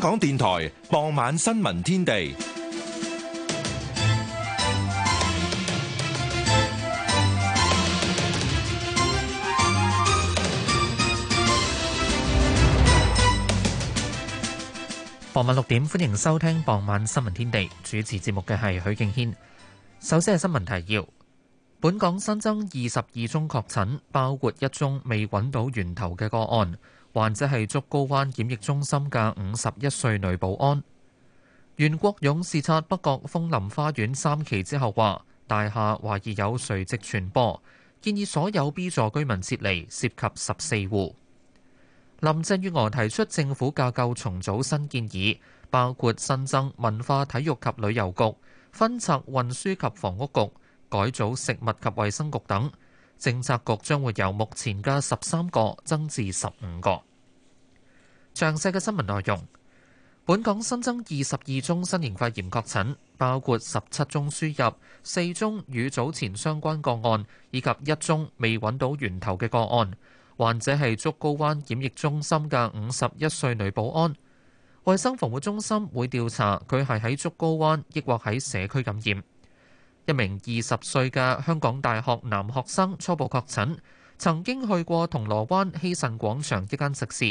香港電台傍晚新聞天地，傍晚六點，歡迎收聽傍晚新聞天地。主持節目嘅係許敬軒。首先係新聞提要：本港新增二十二宗確診，包括一宗未揾到源頭嘅個案。患者係竹篙灣檢疫中心嘅五十一歲女保安。袁國勇視察北角楓林花園三期之後話，大廈懷疑有垂直傳播，建議所有 B 座居民撤離，涉及十四戶。林鄭月娥提出政府架構重組新建議，包括新增文化體育及旅遊局、分拆運輸及房屋局、改組食物及衛生局等。政策局將會由目前嘅十三個增至十五個。詳細嘅新聞內容，本港新增二十二宗新型肺炎確診，包括十七宗輸入、四宗與早前相關個案，以及一宗未揾到源頭嘅個案。患者係竹篙灣檢疫中心嘅五十一歲女保安。衛生防護中心會調查佢係喺竹篙灣抑或喺社區感染。一名二十歲嘅香港大學男學生初步確診，曾經去過銅鑼灣希慎廣場一間食肆。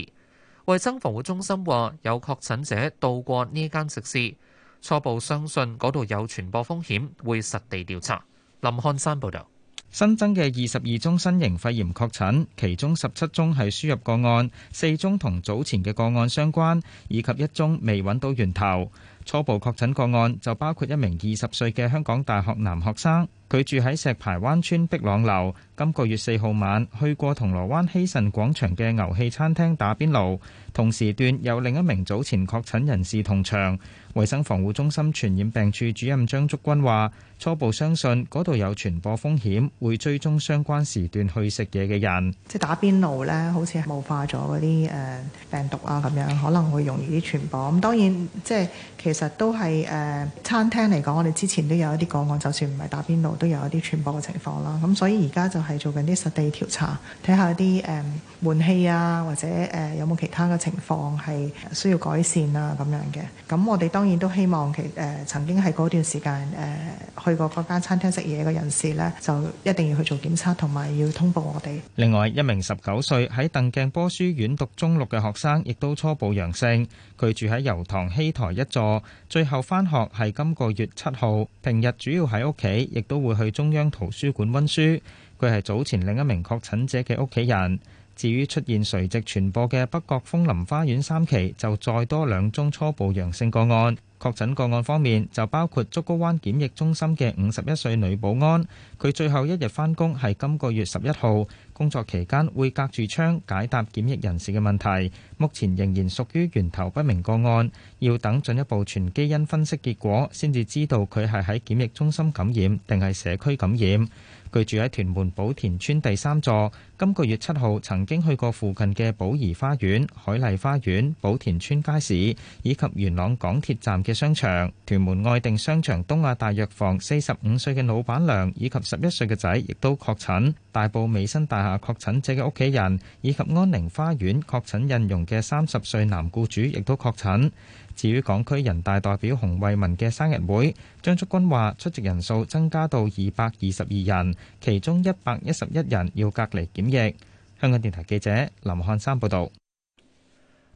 衛生防護中心話有確診者到過呢間食肆，初步相信嗰度有傳播風險，會實地調查。林漢山報道，新增嘅二十二宗新型肺炎確診，其中十七宗係輸入個案，四宗同早前嘅個案相關，以及一宗未揾到源頭。初步確診個案就包括一名二十歲嘅香港大學男學生。佢住喺石排灣村碧朗樓，今個月四號晚去過銅鑼灣希慎廣場嘅牛氣餐廳打邊爐，同時段有另一名早前確診人士同場，衛生防護中心傳染病處主任張竹君話初步相信嗰度有傳播風險，會追蹤相關時段去食嘢嘅人。即係打邊爐咧，好似霧化咗嗰啲誒病毒啊咁樣可能會容易啲傳播。咁當然即係其實都係誒、呃、餐廳嚟講，我哋之前都有一啲個案，就算唔係打邊爐。都有一啲傳播嘅情況啦，咁所以而家就係做緊啲實地調查，睇下啲誒換氣啊，或者誒有冇其他嘅情況係需要改善啊咁樣嘅。咁我哋當然都希望其誒、呃、曾經喺嗰段時間誒、呃、去過嗰間餐廳食嘢嘅人士呢，就一定要去做檢測，同埋要通報我哋。另外一名十九歲喺鄧鏡波書院讀中六嘅學生，亦都初步陽性。佢住喺油塘希台一座，最後返學係今個月七號，平日主要喺屋企，亦都會會去中央圖書館溫書，佢係早前另一名確診者嘅屋企人。至於出現垂直傳播嘅北角楓林花園三期，就再多兩宗初步陽性個案。確診個案方面，就包括竹篙灣檢疫中心嘅五十一歲女保安，佢最後一日返工係今個月十一號。工作期間會隔住窗解答檢疫人士嘅問題，目前仍然屬於源頭不明個案，要等進一步全基因分析結果先至知道佢係喺檢疫中心感染定係社區感染。居住喺屯門寶田村第三座，今個月七號曾經去過附近嘅寶怡花園、海麗花園、寶田村街市以及元朗港鐵站嘅商場。屯門愛定商場、東亞大藥房四十五歲嘅老闆娘以及十一歲嘅仔亦都確診。大埔美新大廈確診者嘅屋企人以及安寧花園確診印傭嘅三十歲男僱主亦都確診。至於港區人大代表洪慧文嘅生日會，張竹君話出席人數增加到二百二十二人，其中一百一十一人要隔離檢疫。香港電台記者林漢山報導。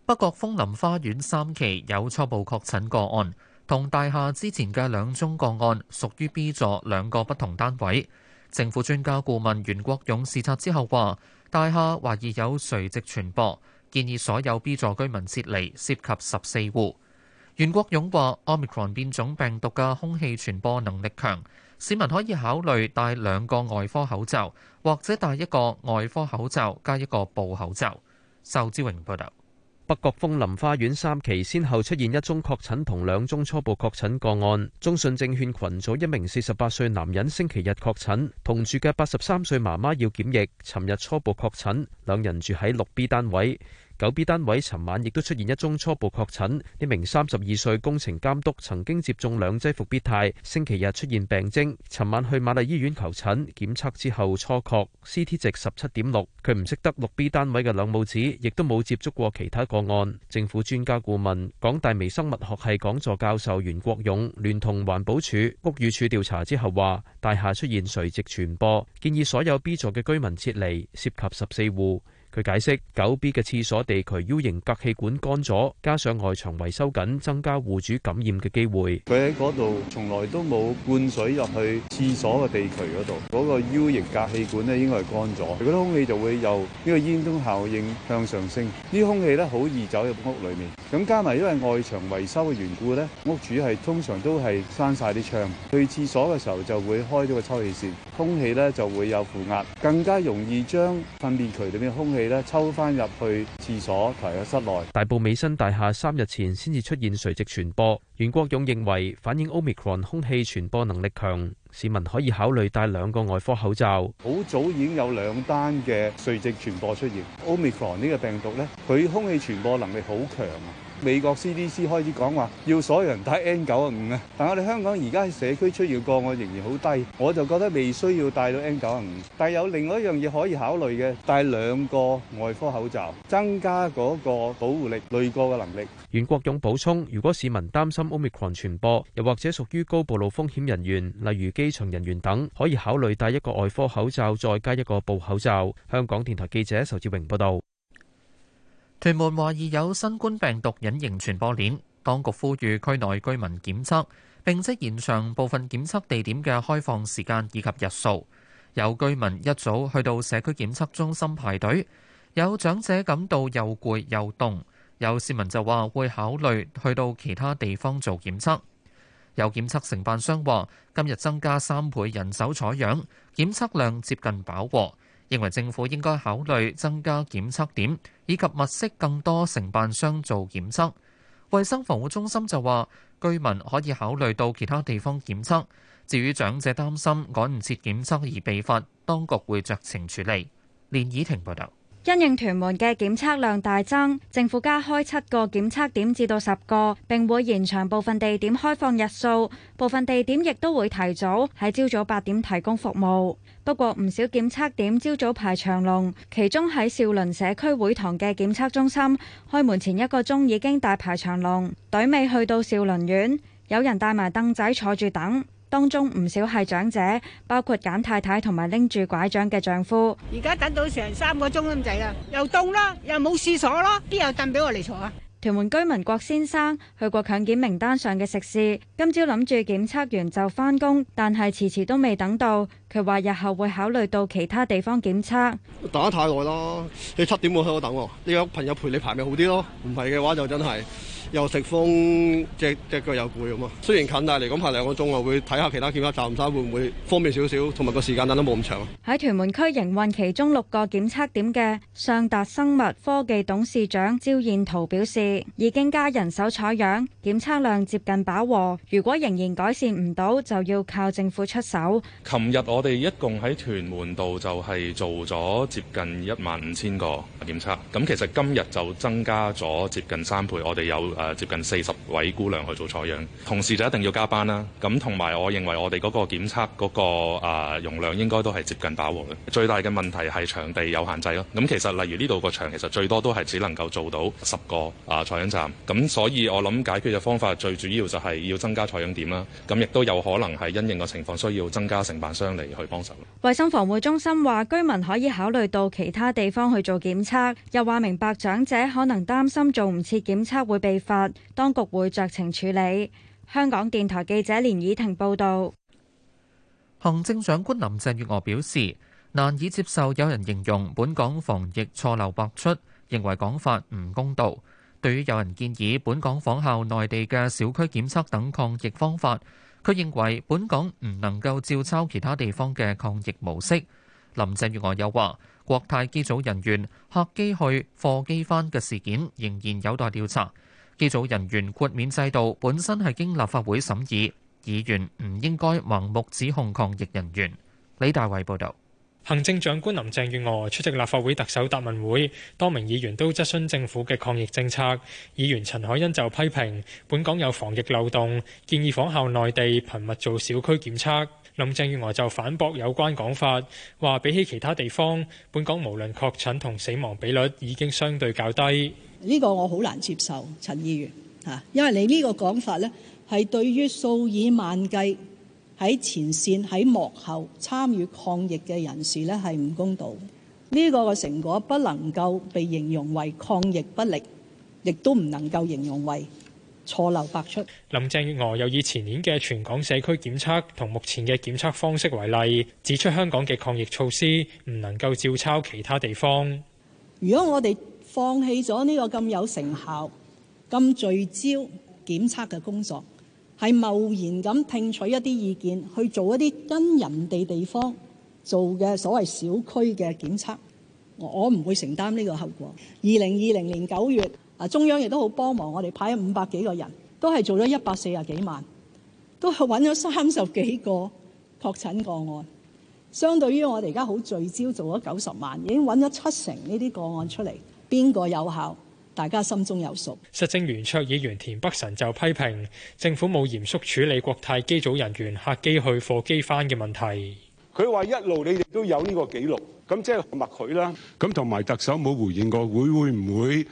北角楓林花園三期有初步確診個案，同大廈之前嘅兩宗個案屬於 B 座兩個不同單位。政府專家顧問袁國勇視察之後話，大廈懷疑有垂直傳播，建議所有 B 座居民撤離，涉及十四戶。袁國勇話，Omicron 變種病毒嘅空氣傳播能力強，市民可以考慮戴兩個外科口罩，或者戴一個外科口罩加一個布口罩。秀之榮報導。北角風林花園三期先後出現一宗確診同兩宗初步確診個案。中信證券群組一名四十八歲男人星期日確診，同住嘅八十三歲媽媽要檢疫，尋日初步確診，兩人住喺六 B 單位，有 B 單位，尋晚亦都出現一宗初步確診，呢名三十二歲工程監督曾經接種兩劑復必泰，星期日出現病徵，尋晚去瑪麗醫院求診，檢測之後初確 CT 值十七點六。佢唔識得六 B 單位嘅兩母子，亦都冇接觸過其他個案。政府專家顧問、港大微生物學系講座教授袁國勇聯同環保署屋宇署調查之後話，大廈出現垂直傳播，建議所有 B 座嘅居民撤離，涉及十四戶。佢解釋：九 B 嘅廁所地渠 U 型隔氣管乾咗，加上外牆維修緊，增加戶主感染嘅機會。佢喺嗰度從來都冇灌水入去廁所嘅地渠嗰度，嗰個 U 型隔氣管咧應該係乾咗，佢嗰啲空氣就會由呢個煙囪效應向上升，呢啲空氣咧好易走入屋裏面。咁加埋因為外牆維修嘅緣故咧，屋主係通常都係閂晒啲窗，去廁所嘅時候就會開咗個抽氣扇，空氣咧就會有負壓，更加容易將分泌渠裏面嘅空氣。抽翻入去廁所同埋室內。大埔美新大廈三日前先至出現垂直傳播。袁國勇認為反映 Omicron 空氣傳播能力強，市民可以考慮戴兩個外科口罩。好早已經有兩單嘅垂直傳播出現。Omicron 呢個病毒呢，佢空氣傳播能力好強啊！美國 CDC 開始講話要所有人戴 N 九啊五啊，但係我哋香港而家喺社區出現個案仍然好低，我就覺得未需要戴到 N 九啊五。但係有另外一樣嘢可以考慮嘅，戴兩個外科口罩，增加嗰個保護力、濾過嘅能力。袁國勇補充：如果市民擔心 Omicron 傳播，又或者屬於高暴露風險人員，例如機場人員等，可以考慮戴一個外科口罩，再加一個布口罩。香港電台記者仇志榮報導。屯門懷疑有新冠病毒隱形傳播鏈，當局呼籲區內居民檢測，並即延長部分檢測地點嘅開放時間以及日數。有居民一早去到社區檢測中心排隊，有長者感到又攰又凍，有市民就話會考慮去到其他地方做檢測。有檢測承辦商話，今日增加三倍人手採樣，檢測量接近飽和。認為政府應該考慮增加檢測點，以及物色更多承辦商做檢測。衛生防護中心就話，居民可以考慮到其他地方檢測。至於長者擔心趕唔切檢測而被罰，當局會酌情處理。連怡婷報導。因應屯門嘅檢測量大增，政府加開七個檢測點至到十個，並會延長部分地點開放日數，部分地點亦都會提早喺朝早八點提供服務。不過唔少檢測點朝早排長龍，其中喺兆麟社區會堂嘅檢測中心開門前一個鐘已經大排長龍，隊尾去到兆麟苑，有人帶埋凳仔坐住等。當中唔少係長者，包括簡太太同埋拎住拐杖嘅丈夫。而家等到成三個鐘咁滯啦，又凍啦，又冇廁所咯，邊有凳俾我嚟坐啊？屯門居民郭先生去過強檢名單上嘅食肆，今朝諗住檢測完就返工，但係遲遲都未等到。佢話日後會考慮到其他地方檢測。等得太耐啦，你七點會喺度等喎，你有朋友陪你排咪好啲咯？唔係嘅話就真係。又食風，隻隻腳又攰咁啊！雖然近來來，但係嚟咁排兩個鐘，我會睇下其他檢測站唔，會唔會方便少少，同埋個時間等都冇咁長。喺屯門區營運其中六個檢測點嘅上達生物科技董事長焦燕圖表示，已經加人手採樣，檢測量接近飽和。如果仍然改善唔到，就要靠政府出手。琴日我哋一共喺屯門度就係做咗接近一萬五千個檢測，咁其實今日就增加咗接近三倍。我哋有。誒，接近四十位姑娘去做採樣，同時就一定要加班啦。咁同埋，我認為我哋嗰個檢測嗰個啊容量應該都係接近飽和嘅。最大嘅問題係場地有限制咯。咁其實例如呢度個場，其實最多都係只能夠做到十個啊採樣站。咁所以，我諗解決嘅方法最主要就係要增加採樣點啦。咁亦都有可能係因應嘅情況，需要增加承辦商嚟去幫手。衞生防護中心話，居民可以考慮到其他地方去做檢測，又話明白長者可能擔心做唔切檢測會被罰。當局會酌情處理。香港電台記者連以婷報道，行政長官林鄭月娥表示難以接受有人形容本港防疫錯漏百出，認為講法唔公道。對於有人建議本港仿效內地嘅小區檢測等抗疫方法，佢認為本港唔能夠照抄其他地方嘅抗疫模式。林鄭月娥又話，國泰機組人員客機去貨機翻嘅事件仍然有待調查。機組人員豁免制度本身係經立法會審議，議員唔應該盲目指控抗疫人員。李大偉報導。行政長官林鄭月娥出席立法會特首答問會，多名議員都質詢政府嘅抗疫政策。議員陳凱欣就批評本港有防疫漏洞，建議仿效內地頻密做小區檢測。林鄭月娥就反駁有關講法，話比起其他地方，本港無論確診同死亡比率已經相對較低。呢個我好難接受，陳議員嚇，因為你呢個講法呢，係對於數以萬計喺前線、喺幕後參與抗疫嘅人士呢，係唔公道嘅。呢個嘅成果不能夠被形容為抗疫不力，亦都唔能夠形容為錯漏百出。林鄭月娥又以前年嘅全港社區檢測同目前嘅檢測方式為例，指出香港嘅抗疫措施唔能夠照抄其他地方。如果我哋放棄咗呢個咁有成效、咁聚焦檢測嘅工作，係貿然咁聽取一啲意見，去做一啲跟人哋地方做嘅所謂小區嘅檢測。我我唔會承擔呢個後果。二零二零年九月啊，中央亦都好幫忙我哋派咗五百幾個人，都係做咗一百四十幾萬，都係揾咗三十幾個確診個案。相對於我哋而家好聚焦做咗九十萬，已經揾咗七成呢啲個案出嚟。邊個有效？大家心中有數。實政圓桌議員田北辰就批評政府冇嚴肅處理國泰機組人員客機去貨機返嘅問題。佢話一路你哋都有呢個記錄，咁即係默許啦。咁同埋特首冇回應過，會會唔會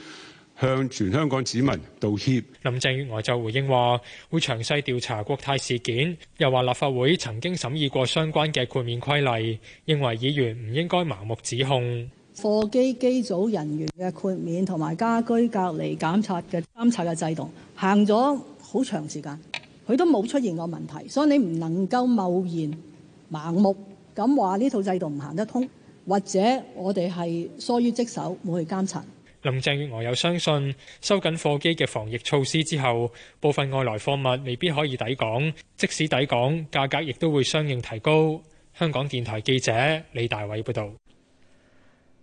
向全香港市民道歉？林鄭月娥就回應話會詳細調查國泰事件，又話立法會曾經審議過相關嘅豁免規例，認為議員唔應該盲目指控。貨機機組人員嘅豁免同埋家居隔離檢測嘅監察嘅制度行咗好長時間，佢都冇出現過問題，所以你唔能夠貿然盲目咁話呢套制度唔行得通，或者我哋係疏於職守，冇去監察。林鄭月娥又相信收緊貨機嘅防疫措施之後，部分外來貨物未必可以抵港，即使抵港，價格亦都會相應提高。香港電台記者李大偉報導。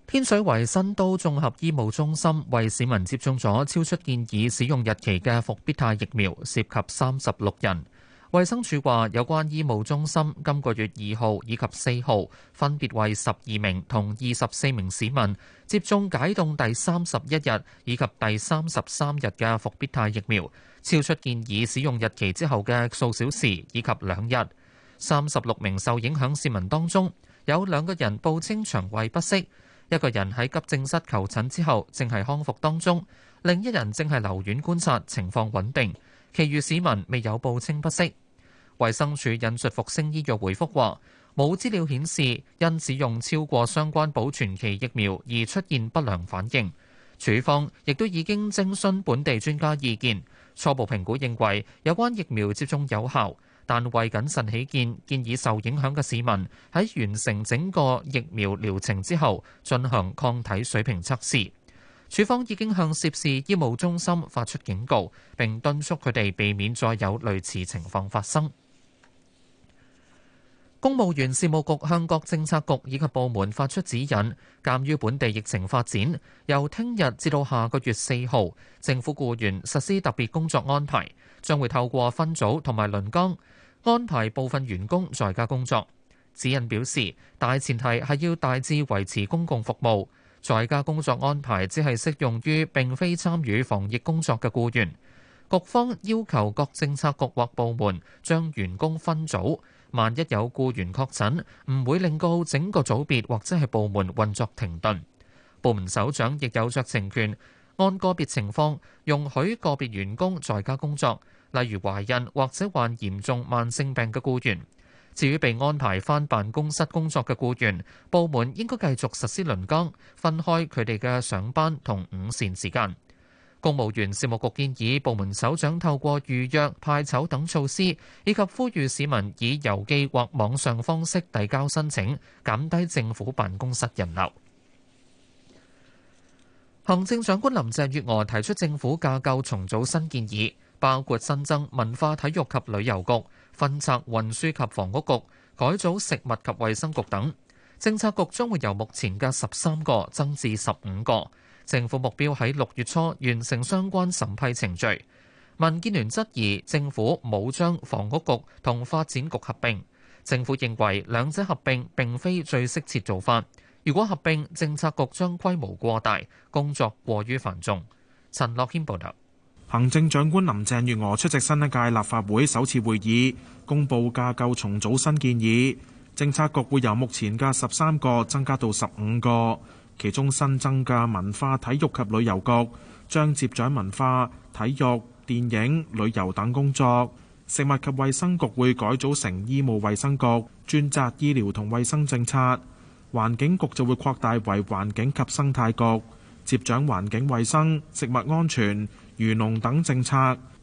天水圍新都綜合醫務中心為市民接種咗超出建議使用日期嘅復必泰疫苗，涉及三十六人。衛生署話，有關醫務中心今個月二號以及四號分別為十二名同二十四名市民接種解凍第三十一日以及第三十三日嘅復必泰疫苗，超出建議使用日期之後嘅數小時以及兩日。三十六名受影響市民當中有兩個人報稱腸胃不適。一個人喺急症室求診之後，正係康復當中；另一人正係留院觀察，情況穩定。其餘市民未有報稱不適。衛生署引述復星醫藥回覆話，冇資料顯示因使用超過相關保存期疫苗而出現不良反應。處方亦都已經徵詢本地專家意見，初步評估認為有關疫苗接種有效。但為謹慎起見，建議受影響嘅市民喺完成整個疫苗療程之後進行抗體水平測試，處方已經向涉事醫務中心發出警告，並敦促佢哋避免再有類似情況發生。公務員事務局向各政策局以及部門發出指引，鑒於本地疫情發展，由聽日至到下個月四號，政府僱員實施特別工作安排，將會透過分組同埋輪崗。安排部分員工在家工作。指引表示，大前提係要大致維持公共服務，在家工作安排只係適用於並非參與防疫工作嘅僱員。局方要求各政策局或部門將員工分組，萬一有僱員確診，唔會令到整個組別或者係部門運作停頓。部門首長亦有酌情權，按個別情況容許個別員工在家工作。例如懷孕或者患嚴重慢性病嘅雇員，至於被安排返辦公室工作嘅雇員，部門應該繼續實施輪崗，分開佢哋嘅上班同午膳時間。公務員事務局建議部門首長透過預約、派籌等措施，以及呼籲市民以郵寄或網上方式遞交申請，減低政府辦公室人流。行政長官林鄭月娥提出政府架構重組新建議。包括新增文化、體育及旅遊局，分拆運輸及房屋局、改組食物及衛生局等，政策局將會由目前嘅十三個增至十五個。政府目標喺六月初完成相關審批程序。民建聯質疑政府冇將房屋局同發展局合併，政府認為兩者合併並，並非最適切做法。如果合併，政策局將規模過大，工作過於繁重。陳樂軒報導。行政長官林鄭月娥出席新一屆立法會首次會議，公布架構重組新建議。政策局會由目前嘅十三個增加到十五個，其中新增嘅文化、體育及旅遊局將接掌文化、體育、電影、旅遊等工作。食物及衛生局會改組成醫務衛生局，專責醫療同衛生政策。環境局就會擴大為環境及生態局，接掌環境衛生、食物安全。漁農等政策，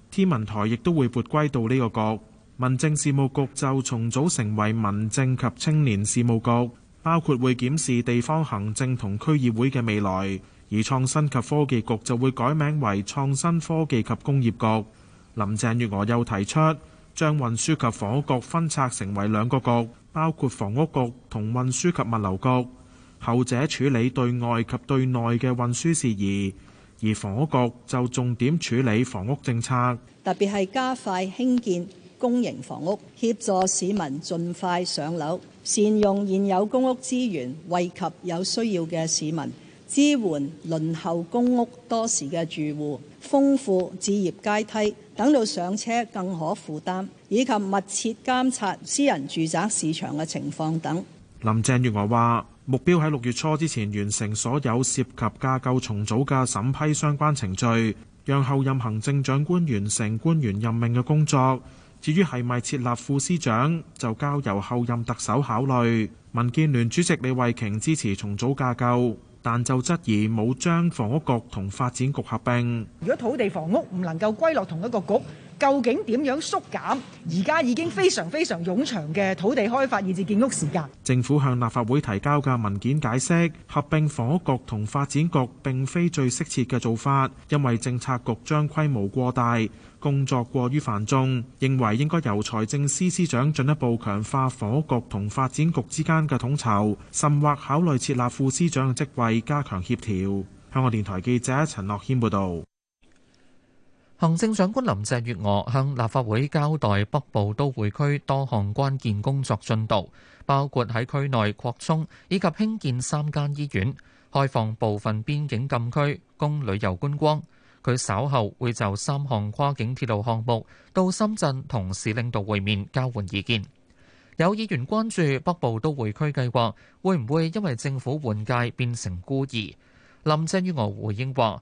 天文台亦都會撥歸到呢個局。民政事務局就重組成為民政及青年事務局，包括會檢視地方行政同區議會嘅未來，而創新及科技局就會改名為創新科技及工業局。林鄭月娥又提出，將運輸及房屋局分拆成為兩個局，包括房屋局同運輸及物流局，後者處理對外及對內嘅運輸事宜。而房屋局就重點處理房屋政策，特別係加快興建公營房屋，協助市民盡快上樓，善用現有公屋資源，惠及有需要嘅市民，支援輪候公屋多時嘅住戶，豐富置業階梯，等到上車更可負擔，以及密切監察私人住宅市場嘅情況等。林鄭月娥話。目標喺六月初之前完成所有涉及架構重組嘅審批相關程序，讓後任行政長官完成官員任命嘅工作。至於係咪設立副司長，就交由後任特首考慮。民建聯主席李慧瓊支持重組架構，但就質疑冇將房屋局同發展局合併。如果土地房屋唔能夠歸落同一個局，究竟點樣縮減而家已經非常非常冗長嘅土地開發以至建屋時間？政府向立法會提交嘅文件解釋，合併房屋局同發展局並非最適切嘅做法，因為政策局將規模過大，工作過於繁重，認為應該由財政司司長進一步強化房屋局同發展局之間嘅統籌，甚或考慮設立副司長嘅職位加強協調。香港電台記者陳樂軒報導。行政長官林鄭月娥向立法會交代北部都會區多項關鍵工作進度，包括喺區內擴充以及興建三間醫院、開放部分邊境禁區供旅遊觀光。佢稍後會就三項跨境鐵路項目到深圳同市領導會面交換意見。有議員關注北部都會區計劃會唔會因為政府換屆變成孤兒，林鄭月娥回應話。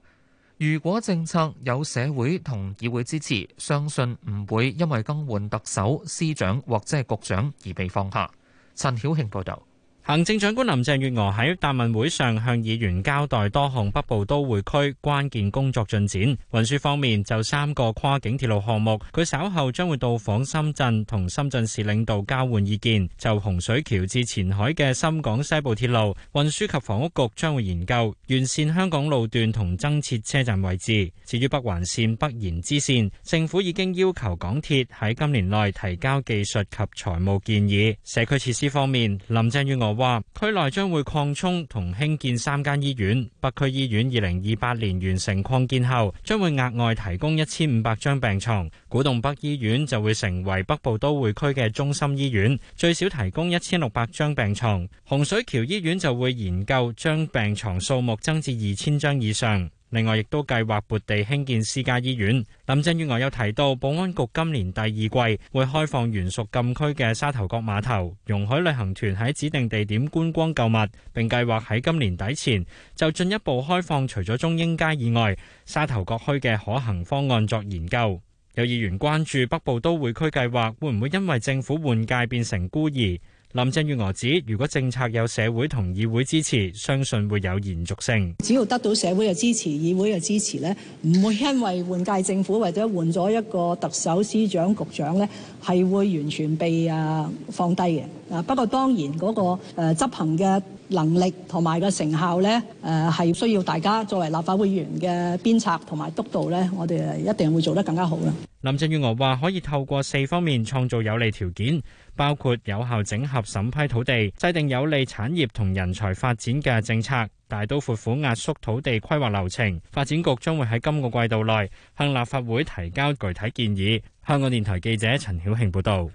如果政策有社會同議會支持，相信唔會因為更換特首、司長或者係局長而被放下。陳曉慶報道。行政長官林鄭月娥喺答問會上向議員交代多項北部都會區關鍵工作進展。運輸方面，就三個跨境鐵路項目，佢稍後將會到訪深圳同深圳市領導交換意見。就洪水橋至前海嘅深港西部鐵路，運輸及房屋局將會研究完善香港路段同增設車站位置。至於北環線北延支線，政府已經要求港鐵喺今年內提交技術及財務建議。社區設施方面，林鄭月娥。佢話區內將會擴充同興建三間醫院。北區醫院二零二八年完成擴建後，將會額外提供一千五百張病床。古洞北醫院就會成為北部都會區嘅中心醫院，最少提供一千六百張病床。洪水橋醫院就會研究將病床數目增至二千張以上。另外，亦都計劃撥地興建私家醫院。林鄭月娥有提到，保安局今年第二季會開放原屬禁區嘅沙頭角碼頭，容許旅行團喺指定地點觀光購物。並計劃喺今年底前就進一步開放，除咗中英街以外，沙頭角區嘅可行方案作研究。有議員關注北部都會區計劃會唔會因為政府換屆變成孤兒。林鄭月娥指，如果政策有社會同議會支持，相信會有延續性。只要得到社會嘅支持、議會嘅支持咧，唔會因為換屆政府或者換咗一個特首、司長、局長咧，係會完全被啊放低嘅。嗱，不過當然嗰、那個誒、呃、執行嘅能力同埋個成效咧，誒、呃、係需要大家作為立法會議員嘅鞭策同埋督導咧，我哋一定會做得更加好啦。林鄭月娥話：可以透過四方面創造有利條件，包括有效整合審批土地、制定有利產業同人才發展嘅政策，大刀闊斧壓縮土地規劃流程。發展局將會喺今個季度內向立法會提交具體建議。香港電台記者陳曉慶報道。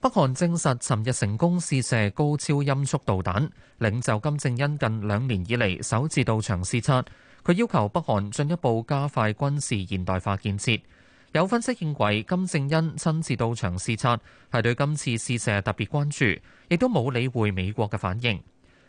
北韓證實尋日成功試射高超音速導彈，領袖金正恩近兩年以嚟首次到場試測。佢要求北韓進一步加快軍事現代化建設。有分析認為，金正恩親自到場視察，係對今次試射特別關注，亦都冇理會美國嘅反應。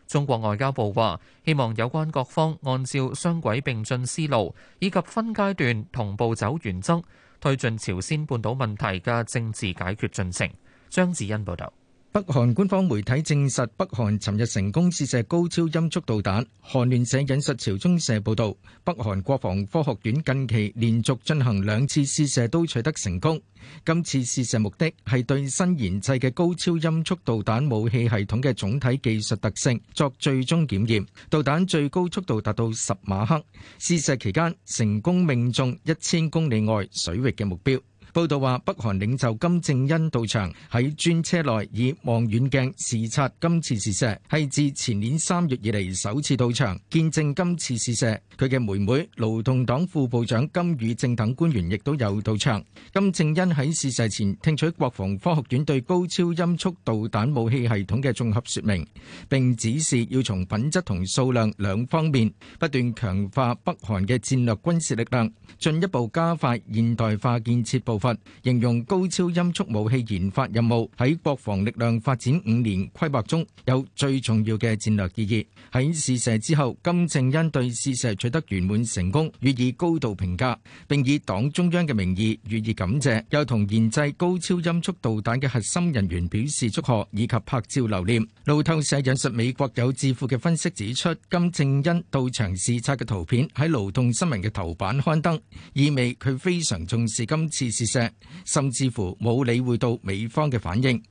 中國外交部話：希望有關各方按照雙軌並進思路以及分階段同步走原則，推進朝鮮半島問題嘅政治解決進程。張子欣報導。北韓官方媒體證實，北韓尋日成功試射高超音速導彈。韓聯社引述朝中社報導，北韓國防科學院近期連續進行兩次試射都取得成功。今次試射目的係對新研製嘅高超音速導彈武器系統嘅總體技術特性作最終檢驗。導彈最高速度達到十馬赫，試射期間成功命中一千公里外水域嘅目標。報道話，北韓領袖金正恩到場喺專車內以望遠鏡視察今次試射，係自前年三月以嚟首次到場見證今次試射。佢嘅妹妹、勞動黨副部長金宇正等官員亦都有到場。金正恩喺試射前聽取國防科學院對高超音速導彈武器系統嘅綜合説明，並指示要從品質同數量兩方面不斷強化北韓嘅戰略軍事力量，進一步加快現代化建設步。發形容高超音速武器研發任務喺國防力量發展五年規劃中有最重要嘅戰略意義。喺試射之後，金正恩對試射取得圓滿成功予以高度評價，並以黨中央嘅名義予以感謝，又同研製高超音速導彈嘅核心人員表示祝賀以及拍照留念。路透社引述美國有智庫嘅分析指出，金正恩到場視察嘅圖片喺《勞動新聞》嘅頭版刊登，意味佢非常重視今次試射甚至乎冇理會到美方嘅反應。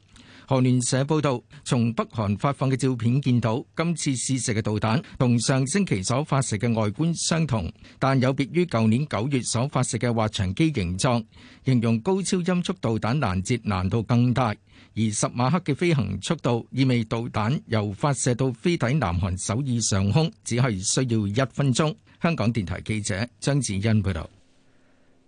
韓聯社報道，從北韓發放嘅照片見到，今次試射嘅導彈同上星期所發射嘅外觀相同，但有別於舊年九月所發射嘅滑翔機形狀，形容高超音速導彈攔截難度更大，而十馬赫嘅飛行速度意味導彈由發射到飛抵南韓首爾上空，只係需要一分鐘。香港電台記者張子欣報道。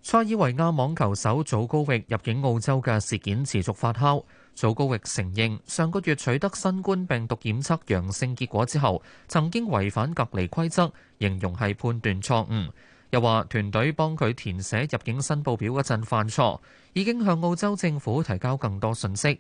塞爾維亞網球手祖高域，入境澳洲嘅事件持續發酵。祖高域承認上個月取得新冠病毒檢測陽性結果之後，曾經違反隔離規則，形容係判斷錯誤。又話團隊幫佢填寫入境申報表嗰陣犯錯，已經向澳洲政府提交更多信息。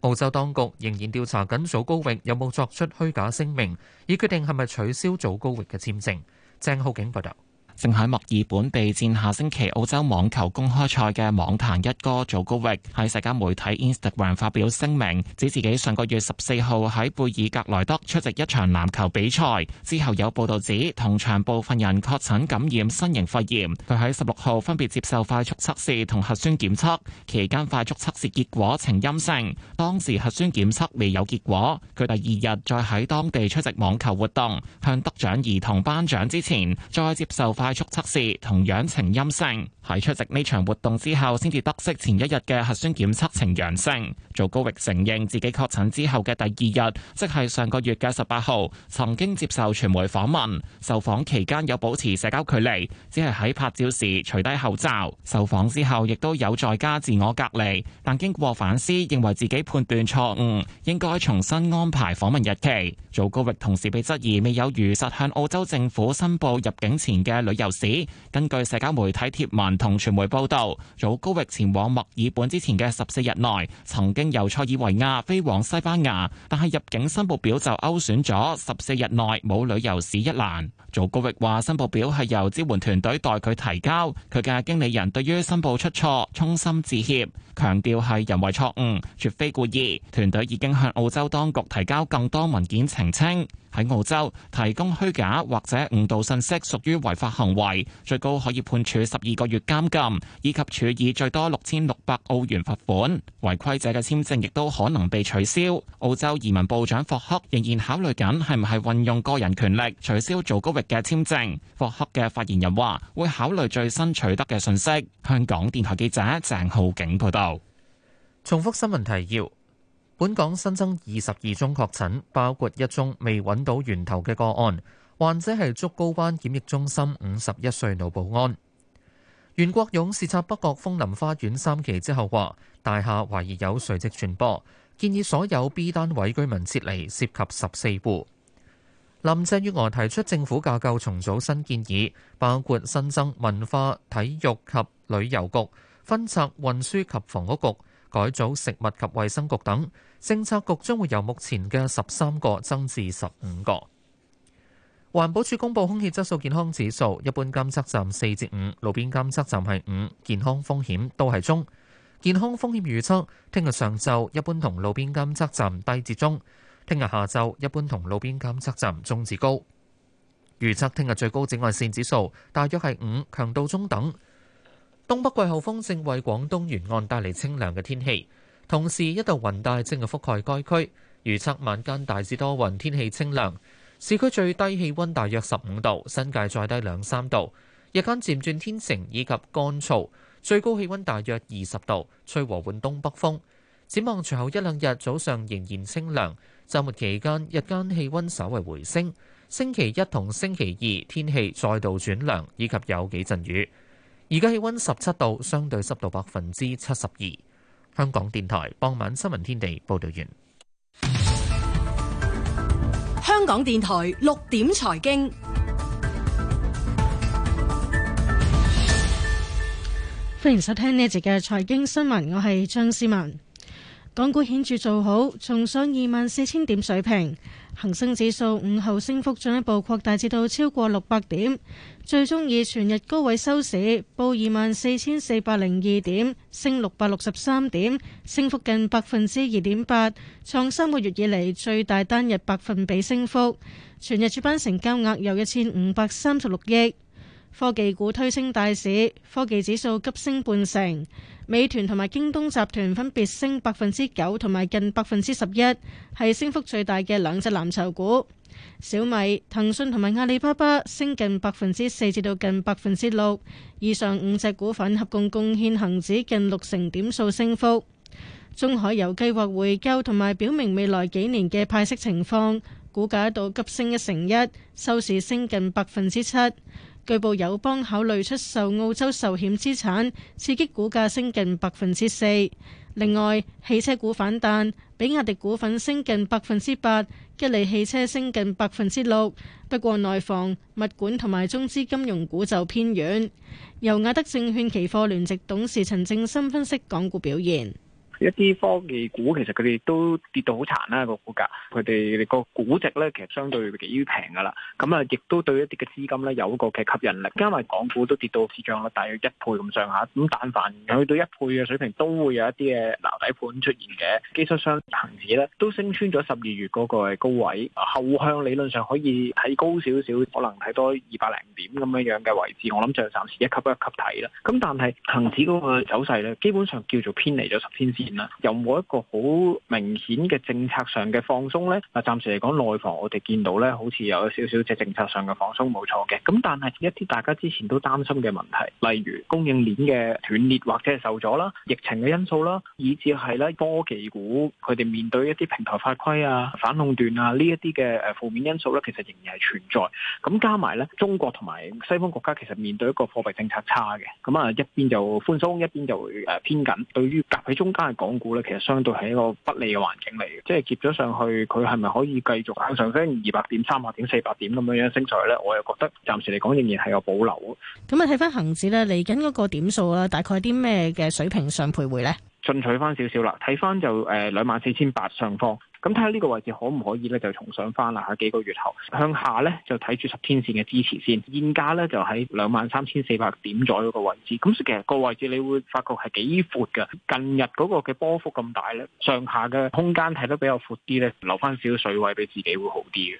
澳洲當局仍然調查緊祖高域有冇作出虛假聲明，以決定係咪取消祖高域嘅簽證。鄭浩景報道。正喺墨爾本備戰下星期澳洲網球公開賽嘅網壇一哥祖高域喺社交媒體 Instagram 發表聲明，指自己上個月十四號喺貝爾格萊德出席一場籃球比賽，之後有報道指同場部分人確診感染新型肺炎。佢喺十六號分別接受快速測試同核酸檢測，期間快速測試結果呈陰性，當時核酸檢測未有結果。佢第二日再喺當地出席網球活動，向得獎兒童頒獎之前，再接受快。快速測試同樣呈陰性，喺出席呢場活動之後先至得悉前一日嘅核酸檢測呈陽性。祖高域承認自己確診之後嘅第二日，即係上個月嘅十八號，曾經接受傳媒訪問，受訪期間有保持社交距離，只係喺拍照時除低口罩。受訪之後亦都有在家自我隔離，但經過反思，認為自己判斷錯誤，應該重新安排訪問日期。祖高域同時被質疑未有如實向澳洲政府申報入境前嘅旅。遊史，根據社交媒體貼文同傳媒報道，祖高域前往墨爾本之前嘅十四日內，曾經由塞爾維亞飛往西班牙，但係入境申報表就勾選咗十四日內冇旅遊史一欄。祖高域話申報表係由支援團隊代佢提交，佢嘅經理人對於申報出錯，衷心致歉，強調係人為錯誤，絕非故意。團隊已經向澳洲當局提交更多文件澄清。喺澳洲提供虛假或者誤導信息屬於違法行為，最高可以判處十二個月監禁，以及處以最多六千六百澳元罰款。違規者嘅簽證亦都可能被取消。澳洲移民部長霍克仍然考慮緊，係唔係運用個人權力取消祖高域嘅簽證。霍克嘅發言人話會考慮最新取得嘅信息。香港電台記者鄭浩景報道。重複新聞提要。本港新增二十二宗確診，包括一宗未揾到源頭嘅個案。患者係竹篙灣檢疫中心五十一歲女保安。袁國勇視察北角楓林花園三期之後話，大廈懷疑有垂直傳播，建議所有 B 單位居民撤離，涉及十四戶。林鄭月娥提出政府架構重組新建議，包括新增文化體育及旅遊局，分拆運輸及房屋局。改組食物及衛生局等，政策局將會由目前嘅十三個增至十五個。環保署公布空氣質素健康指數，一般監測站四至五，路邊監測站係五，健康風險都係中。健康風險預測，聽日上晝一般同路邊監測站低至中；聽日下晝一般同路邊監測站中至高。預測聽日最高紫外線指數大約係五，強度中等。東北季候風正為廣東沿岸帶嚟清涼嘅天氣，同時一道雲帶正係覆蓋該區。預測晚間大致多雲，天氣清涼，市區最低氣溫大約十五度，新界再低兩三度。日間漸轉天晴以及乾燥，最高氣溫大約二十度，吹和緩東北風。展望隨後一兩日早上仍然清涼，週末期間日間氣溫稍為回升，星期一同星期二天氣再度轉涼以及有幾陣雨。而家氣溫十七度，相對濕度百分之七十二。香港電台傍晚新聞天地報道完。香港電台六點財經，歡迎收聽呢一節嘅財經新聞，我係張思文。港股顯著做好，重上二萬四千點水平。恒生指數午後升幅進一步擴大，至到超過六百點，最終以全日高位收市，報二萬四千四百零二點，升六百六十三點，升幅近百分之二點八，創三個月以嚟最大單日百分比升幅。全日主板成交額有一千五百三十六億。科技股推升大市，科技指數急升半成。美團同埋京東集團分別升百分之九同埋近百分之十一，係升幅最大嘅兩隻藍籌股。小米、騰訊同埋阿里巴巴升近百分之四至到近百分之六，以上五隻股份合共貢獻恒指近六成點數升幅。中海油計劃回購同埋表明未來幾年嘅派息情況，股價一度急升一成一，收市升近百分之七。據報友邦考慮出售澳洲壽險資產，刺激股價升近百分之四。另外，汽車股反彈，比亞迪股份升近百分之八，吉利汽車升近百分之六。不過，內房、物管同埋中資金融股就偏軟。由亞德證券期貨聯席董事陳正新分析港股表現。一啲科技股其實佢哋都跌到好殘啦個股價，佢哋個估值咧其實相對幾於平噶啦，咁啊亦都對一啲嘅資金咧有一個嘅吸引力。加埋港股都跌到市賬率大約一倍咁上下，咁但凡去到一倍嘅水平，都會有一啲嘅留底盤出現嘅。技術上，恆指咧都升穿咗十二月嗰個高位，後向理論上可以睇高少少，可能睇多二百零點咁樣樣嘅位置。我諗就暫時一級一級睇啦。咁但係恆指嗰個走勢咧，基本上叫做偏離咗十天線。有冇一個好明顯嘅政策上嘅放鬆呢？嗱，暫時嚟講內房，我哋見到呢，好似有少少即係政策上嘅放鬆，冇錯嘅。咁但係一啲大家之前都擔心嘅問題，例如供應鏈嘅斷裂或者係受阻啦、疫情嘅因素啦，以至係咧科技股佢哋面對一啲平台法規啊、反壟斷啊呢一啲嘅誒負面因素呢，其實仍然係存在。咁加埋呢中國同埋西方國家其實面對一個貨幣政策差嘅，咁啊一邊就寬鬆，一邊就會偏緊。對於夾喺中間，港股咧，其實相對係一個不利嘅環境嚟嘅，即係接咗上去，佢係咪可以繼續向上升二百點、三百點、四百點咁樣樣升上去咧？我又覺得暫時嚟講仍然係有保留。咁啊、嗯，睇翻恒指咧，嚟緊嗰個點數啊，大概啲咩嘅水平上徘徊咧？進取翻少少啦，睇翻就誒兩萬四千八上方，咁睇下呢個位置可唔可以咧就重上翻啦？幾個月後向下咧就睇住十天線嘅支持先，現價咧就喺兩萬三千四百點左右嗰個位置，咁其實個位置你會發覺係幾闊嘅，近日嗰個嘅波幅咁大咧，上下嘅空間睇得比較闊啲咧，留翻少少水位俾自己會好啲嘅。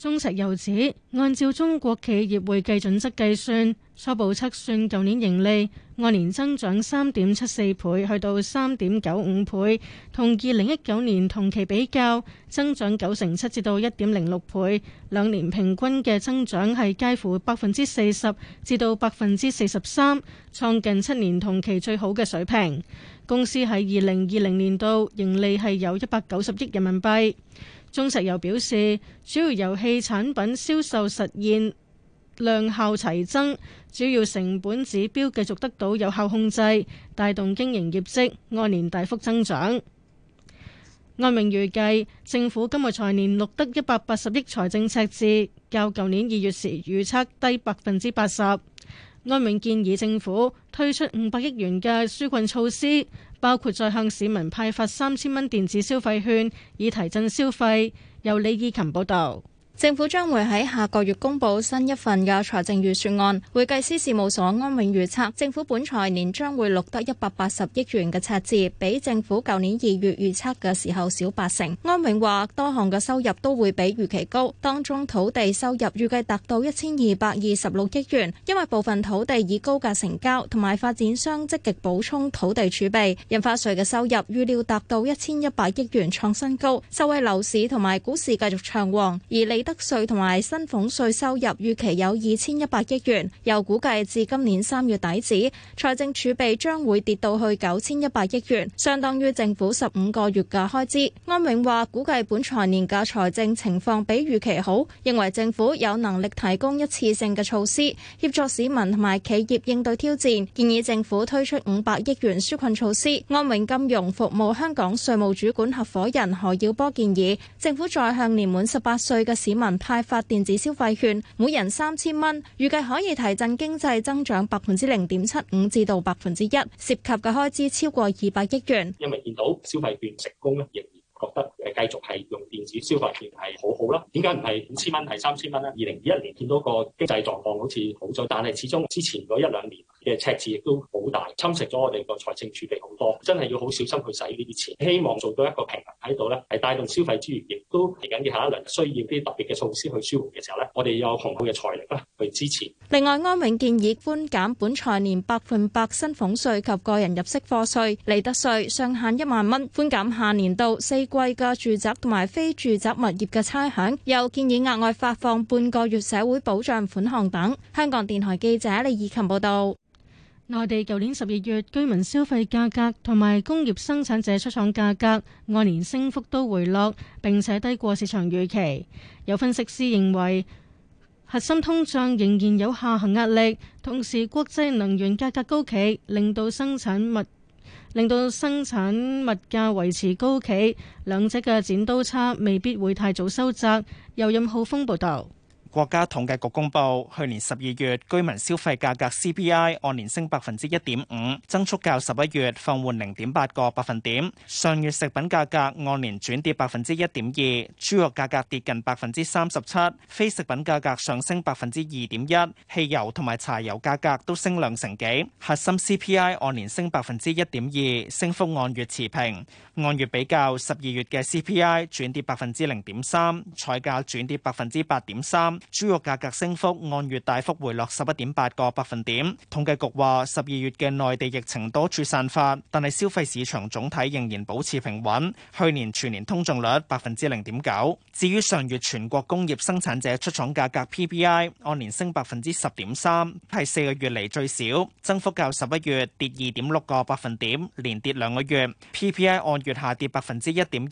中石油指，按照中國企業會計準則計算，初步測算舊年盈利按年增長三點七四倍，去到三點九五倍，同二零一九年同期比較增長九成七，至到一點零六倍，兩年平均嘅增長係介乎百分之四十至到百分之四十三，創近七年同期最好嘅水平。公司喺二零二零年度盈利係有一百九十億人民幣。中石油表示，主要油氣產品銷售實現量效齊增，主要成本指標繼續得到有效控制，帶動經營業績按年大幅增長。安明預計政府今個財年錄得一百八十億財政赤字，較舊年二月時預測低百分之八十。安明建議政府推出五百億元嘅紓困措施。包括再向市民派發三千蚊電子消費券，以提振消費。由李綺琴報道。政府將會喺下個月公布新一份嘅財政預算案。會計師事務所安永預測，政府本財年將會錄得一百八十億元嘅赤字，比政府舊年二月預測嘅時候少八成。安永話，多項嘅收入都會比預期高，當中土地收入預計達到一千二百二十六億元，因為部分土地以高價成交，同埋發展商積極補充土地儲備。印花稅嘅收入預料達到一千一百億元，創新高，受惠樓市同埋股市繼續暢旺而利得稅同埋薪俸稅收入預期有二千一百億元，又估計至今年三月底止，財政儲備將會跌到去九千一百億元，相當於政府十五個月嘅開支。安永話估計本財年嘅財政情況比預期好，認為政府有能力提供一次性嘅措施協助市民同埋企業應對挑戰，建議政府推出五百億元紓困措施。安永金融服務香港稅務主管合伙人何耀波建議，政府在向年滿十八歲嘅市市民派發電子消費券，每人三千蚊，預計可以提振經濟增長百分之零點七五至到百分之一，涉及嘅開支超過二百億元。因為見到消費券成功咧，仍然覺得誒繼續係用電子消費券係好好啦。點解唔係五千蚊係三千蚊咧？二零二一年見到個經濟狀況好似好咗，但係始終之前嗰一兩年。嘅赤字亦都好大，侵蝕咗我哋個財政儲備好多，真係要好小心去使呢啲錢。希望做到一個平衡喺度咧，係帶動消費之餘，亦都嚟緊嘅下一輪需要啲特別嘅措施去舒緩嘅時候咧，我哋有雄厚嘅財力啦去支持。另外，安永建議寬減本財年百分百薪俸稅及個人入息課稅利得稅上限一萬蚊，寬減下年度四季嘅住宅同埋非住宅物業嘅差餉，又建議額外發放半個月社會保障款項等。香港電台記者李以琴報道。內地舊年十二月居民消費價格同埋工業生產者出廠價格按年升幅都回落，並且低過市場預期。有分析師認為核心通脹仍然有下行壓力，同時國際能源價格高企，令到生產物令到生產物價維持高企，兩者嘅剪刀差未必會太早收窄。由任浩峰報導。國家統計局公布，去年十二月居民消費價格 CPI 按年升百分之一點五，增速較十一月放緩零點八個百分點。上月食品價格按年轉跌百分之一點二，豬肉價格跌近百分之三十七，非食品價格上升百分之二點一，汽油同埋柴油價格都升兩成幾。核心 CPI 按年升百分之一點二，升幅按月持平。按月比較，十二月嘅 CPI 轉跌百分之零點三，菜價轉跌百分之八點三。豬肉價格升幅按月大幅回落十一點八個百分點。統計局話，十二月嘅內地疫情多處散發，但係消費市場總體仍然保持平穩。去年全年通脹率百分之零點九。至於上月全國工業生產者出廠價格 PPI 按年升百分之十點三，係四個月嚟最少，增幅較十一月跌二點六個百分點，連跌兩個月。PPI 按月下跌百分之一點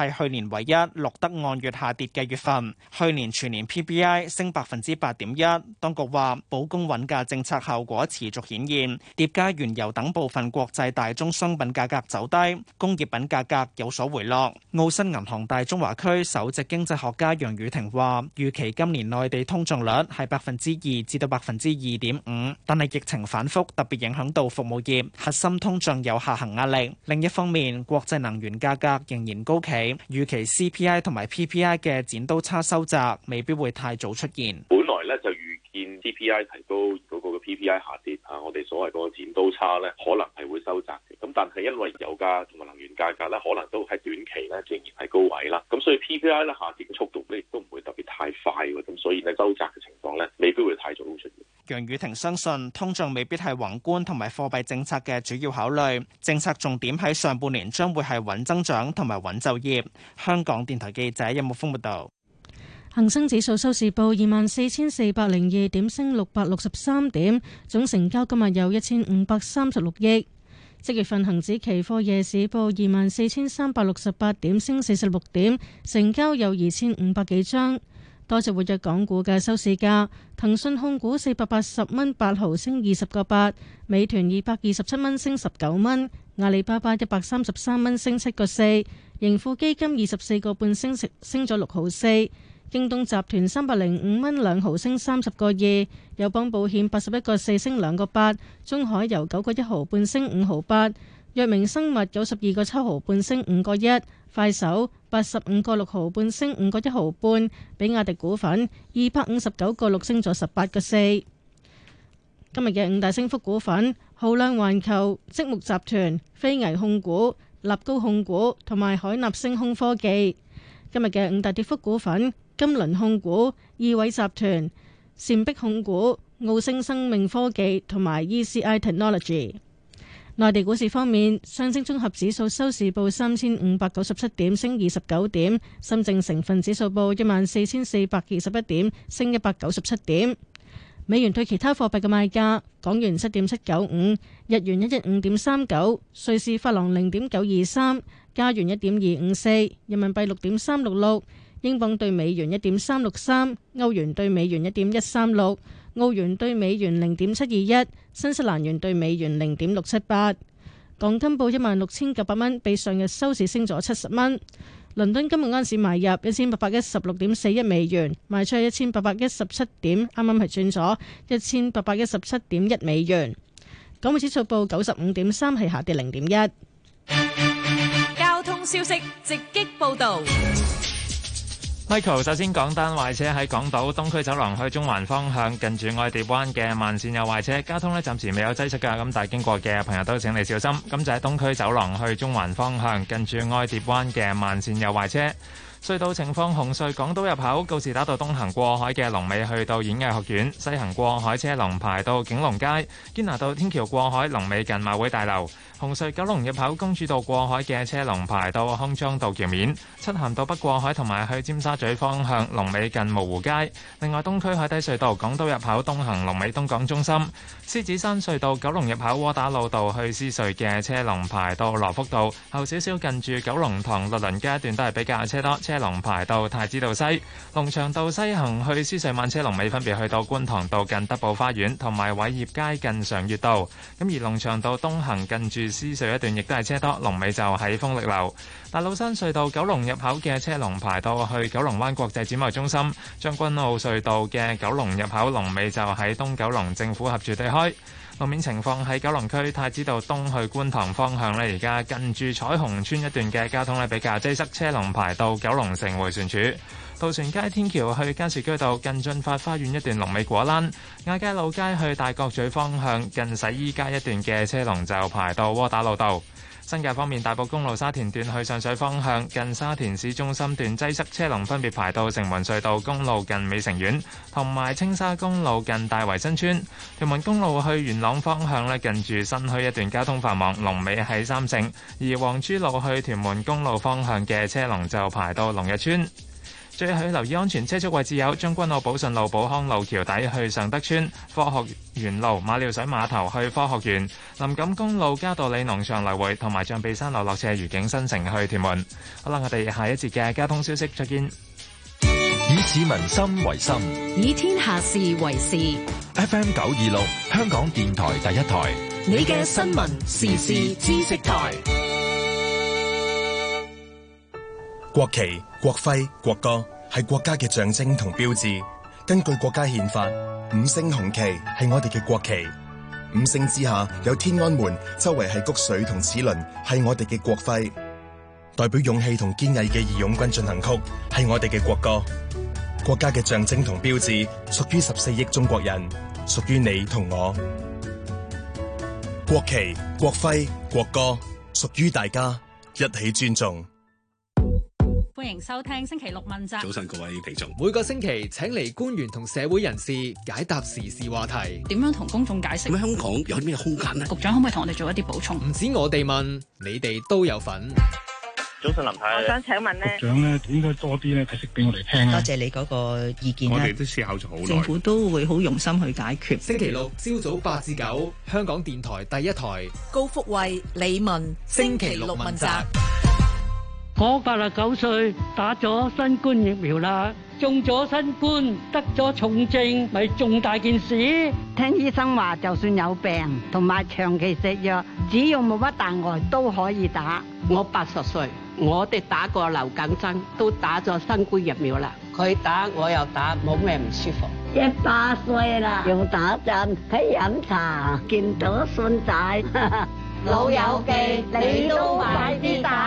二，係去年唯一錄得按月下跌嘅月份。去年全年 PPI 升百分之八點一，當局話保供穩價政策效果持續顯現，疊加原油等部分國際大宗商品價格走低，工業品價格有所回落。澳新銀行大中華區首席經濟學家楊宇婷話，預期今年內地通脹率係百分之二至到百分之二點五，但係疫情反復特別影響到服務業，核心通脹有下行壓力。另一方面，國際能源價格仍然高企，預期 CPI 同埋 PPI 嘅剪刀差收窄，未必會太。早出現，本來咧就預見 PPI 提高，嗰個 PPI 下跌啊，我哋所謂嗰個剪刀差咧，可能係會收窄嘅。咁但係因為油價同埋能源價格咧，可能都喺短期咧仍然係高位啦。咁所以 PPI 咧下跌嘅速度咧，亦都唔會特別太快。咁所以呢，收窄嘅情況咧，未必會太早出現。楊雨婷相信通脹未必係宏觀同埋貨幣政策嘅主要考慮，政策重點喺上半年將會係穩增長同埋穩就業。香港電台記者任木峯報道。恒生指數收市報二萬四千四百零二點，升六百六十三點，總成交今日有一千五百三十六億。即月份恒指期貨夜市報二萬四千三百六十八點，升四十六點，成交有二千五百幾張。多隻活躍港股嘅收市價：騰訊控股四百八十蚊八毫升二十個八，美團二百二十七蚊升十九蚊，阿里巴巴一百三十三蚊升七個四，盈富基金二十四個半升升咗六毫四。京東集團三百零五蚊兩毫升三十個二，友邦保險八十一個四升兩個八，中海油九個一毫半升五毫八，藥明生物九十二個七毫半升五個一，快手八十五個六毫半升五個一毫半，比亞迪股份二百五十九個六升咗十八個四。今日嘅五大升幅股份：浩量環球、積木集團、飛危控股、立高控股同埋海納星空科技。今日嘅五大跌幅股份。金輪控股、意偉集團、善碧控股、澳星生命科技同埋 ECI Technology。內地股市方面，上證綜合指數收市報三千五百九十七點，升二十九點；深證成分指數報一萬四千四百二十一點，升一百九十七點。美元兌其他貨幣嘅賣價：港元七點七九五，日元一一五點三九，瑞士法郎零點九二三，加元一點二五四，人民幣六點三六六。英鎊兌美元一點三六三，歐元兌美元一點一三六，澳元兌美元零點七二一，新西蘭元兌美元零點六七八。港金報一萬六千九百蚊，比上日收市升咗七十蚊。倫敦今日安市買入一千八百一十六點四一美元，賣出一千八百一十七點，啱啱係轉咗一千八百一十七點一美元。港匯指數報九十五點三，係下跌零點一。交通消息直擊報道。Michael 首先講單壞車喺港島東區走廊去中環方向，近住愛蝶灣嘅慢線有壞車，交通咧暫時未有擠塞㗎，咁但係經過嘅朋友都請你小心。咁就喺東區走廊去中環方向，近住愛蝶灣嘅慢線有壞車。隧道情況：紅隧港島入口告士打道東行過海嘅龍尾去到演藝學院，西行過海車龍排到景隆街；堅拿道天橋過海龍尾近馬會大樓；紅隧九龍入口公主道過海嘅車龍排到康莊道橋面；漆咸道北過海同埋去尖沙咀方向龍尾近蕪湖街。另外，東區海底隧道港島入口東行龍尾東港中心；獅子山隧道九龍入口窩打老道去獅隧嘅車龍排到羅福道，後少少近住九龍塘律倫街段都係比較多車多車龍排到太子道西，龍翔道西行去獅隧，萬車龍尾分別去到觀塘道近德寶花園，同埋偉業街近常悅道。咁而龍翔道東行近住獅隧一段，亦都係車多，龍尾就喺豐力樓。大老山隧道九龍入口嘅車龍排到去九龍灣國際展貿中心，將軍澳隧道嘅九龍入口龍尾就喺東九龍政府合署對開。路面情況喺九龍區太子道東去觀塘方向呢，而家近住彩虹村一段嘅交通咧，比較擠塞，車龍排到九龍城迴旋處、渡船街天橋去加士居道近進發花園一段龍尾果欄、亞皆老街去大角咀方向近洗衣街一段嘅車龍就排到窩打老道。新界方面，大埔公路沙田段去上水方向，近沙田市中心段擠塞，車龍分別排到城門隧道公路近美城苑，同埋青沙公路近大圍新村。屯門公路去元朗方向呢，近住新墟一段交通繁忙，龍尾喺三聖；而黃珠路去屯門公路方向嘅車龍就排到龍日村。最需留意安全車速位置有將軍澳寶順路、寶康路橋底去尚德村、科學園路馬料水碼頭去科學園、林錦公路嘉道理農場來回同埋象鼻山路落斜愉景新城去屯門。好啦，我哋下一節嘅交通消息再見。以市民心為心，以天下事為事。FM 九二六，香港電台第一台，你嘅新聞時事知識台。國旗、國徽、國歌係國家嘅象徵同標誌。根據國家憲法，五星紅旗係我哋嘅國旗。五星之下有天安門，周圍係谷穗同齒輪，係我哋嘅國徽。代表勇氣同堅毅嘅《義勇軍進行曲》係我哋嘅國歌。國家嘅象徵同標誌屬於十四億中國人，屬於你同我。國旗、國徽、國歌屬於大家，一起尊重。歡迎收聽星期六問責。早晨各位聽眾，每個星期請嚟官員同社會人士解答時事話題。點樣同公眾解釋香港有啲咩空間咧？局長可唔可以同我哋做一啲補充？唔止我哋問，你哋都有份。早晨林太，我想請問呢，局長咧應該多啲咧解釋俾我哋聽多謝，謝你嗰個意見我哋都思考咗好耐，政府都會好用心去解決。星期六朝早八至九，香港電台第一台高福慧李文。星期六問責。我八十九歲打咗新冠疫苗啦，中咗新冠得咗重症咪重大件事。聽醫生話，就算有病同埋長期食藥，只要冇乜大礙都可以打。我八十歲，我哋打過流感針，都打咗新冠疫苗啦。佢打我又打，冇咩唔舒服。一百歲啦，用打針，喺飲茶見到信仔，老友記你都快啲打。